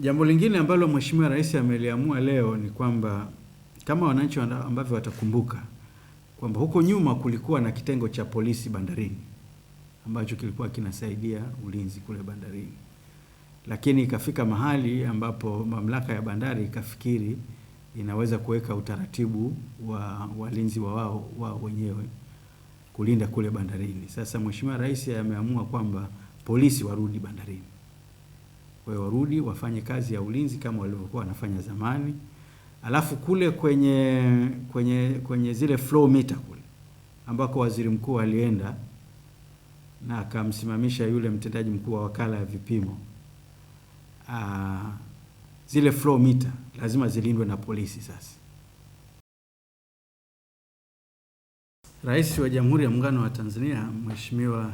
Jambo lingine ambalo Mheshimiwa Rais ameliamua leo ni kwamba kama wananchi ambavyo watakumbuka kwamba huko nyuma kulikuwa na kitengo cha polisi bandarini ambacho kilikuwa kinasaidia ulinzi kule bandarini, lakini ikafika mahali ambapo mamlaka ya bandari ikafikiri inaweza kuweka utaratibu wa walinzi wa wao wa wenyewe kulinda kule bandarini. Sasa Mheshimiwa Rais ameamua kwamba polisi warudi bandarini. Kwa hiyo warudi wafanye kazi ya ulinzi kama walivyokuwa wanafanya zamani. Alafu kule kwenye kwenye kwenye zile flow meter kule ambako waziri mkuu alienda na akamsimamisha yule mtendaji mkuu wa wakala ya vipimo aa, ah, zile flow meter lazima zilindwe na polisi. Sasa Rais wa Jamhuri ya Muungano wa Tanzania Mheshimiwa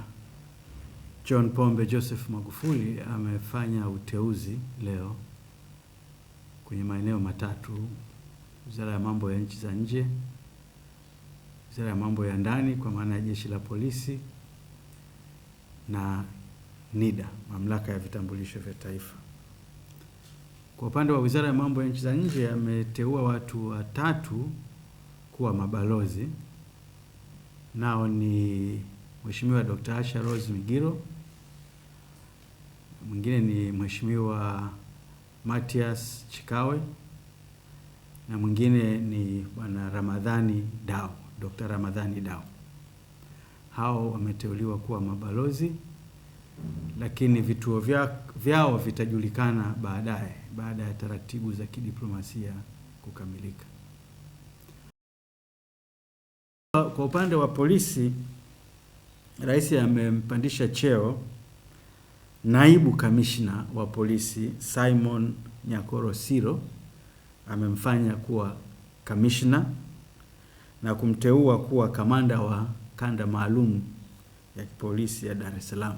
John Pombe Joseph Magufuli amefanya uteuzi leo kwenye maeneo matatu: Wizara ya Mambo ya Nchi za Nje, Wizara ya Mambo ya Ndani kwa maana ya Jeshi la Polisi na NIDA, Mamlaka ya Vitambulisho vya Taifa. Kwa upande wa Wizara ya Mambo ya Nchi za Nje, ameteua watu watatu kuwa mabalozi, nao ni Mheshimiwa Dr. Asha Rose Migiro mwingine ni Mheshimiwa matias Chikawe na mwingine ni Bwana Ramadhani Dao, Dr. Ramadhani Dao. Hao wameteuliwa kuwa mabalozi, lakini vituo vya, vyao vitajulikana baadaye baada ya taratibu za kidiplomasia kukamilika. Kwa upande wa polisi, rais amempandisha cheo Naibu Kamishna wa Polisi Simon Nyakoro Siro amemfanya kuwa kamishna na kumteua kuwa kamanda wa kanda maalum ya kipolisi ya Dar es Salaam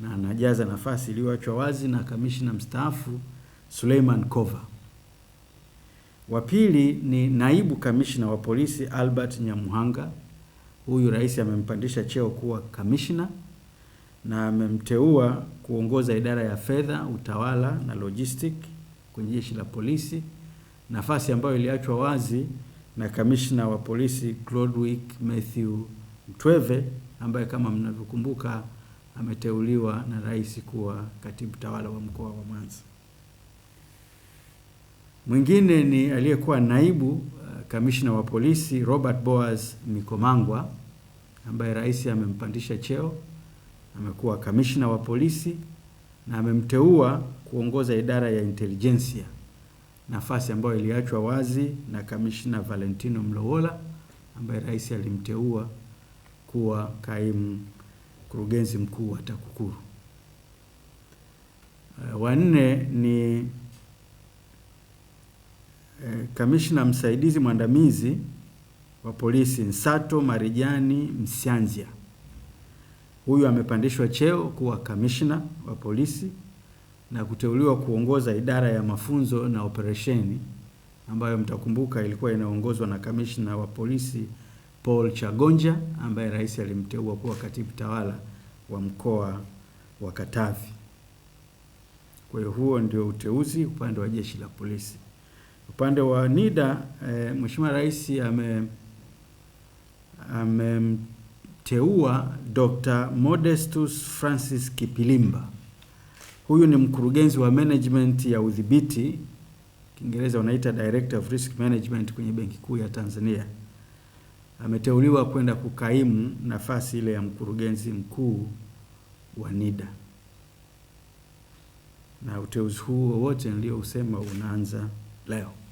na anajaza nafasi iliyoachwa wazi na kamishna mstaafu Suleiman Kova. Wa pili ni naibu kamishna wa polisi Albert Nyamuhanga. Huyu rais amempandisha cheo kuwa kamishna na amemteua kuongoza idara ya fedha, utawala na logistic kwenye jeshi la polisi, nafasi ambayo iliachwa wazi na kamishna wa polisi Clodwick Matthew Mtweve ambaye kama mnavyokumbuka ameteuliwa na rais kuwa katibu tawala wa mkoa wa Mwanza. Mwingine ni aliyekuwa naibu uh, kamishna wa polisi Robert Boaz Mikomangwa ambaye rais amempandisha cheo amekuwa kamishna wa polisi na amemteua kuongoza idara ya intelijensia, nafasi ambayo iliachwa wazi na kamishna Valentino Mlowola ambaye rais alimteua kuwa kaimu mkurugenzi mkuu wa TAKUKURU. Eh, Wanne ni eh, kamishna msaidizi mwandamizi wa polisi Nsato Marijani Msianzia Huyu amepandishwa cheo kuwa kamishna wa polisi na kuteuliwa kuongoza idara ya mafunzo na operesheni ambayo mtakumbuka ilikuwa inaongozwa na kamishna wa polisi Paul Chagonja ambaye rais alimteua kuwa katibu tawala wa mkoa wa Katavi. Kwa hiyo huo ndio uteuzi upande wa jeshi la polisi. Upande wa NIDA e, Mheshimiwa Rais amemteua Dr. Modestus Francis Kipilimba. Huyu ni mkurugenzi wa management ya udhibiti, Kiingereza wanaita Director of Risk Management kwenye Benki Kuu ya Tanzania. Ameteuliwa kwenda kukaimu nafasi ile ya mkurugenzi mkuu wa NIDA. Na uteuzi huu wowote niliousema unaanza leo.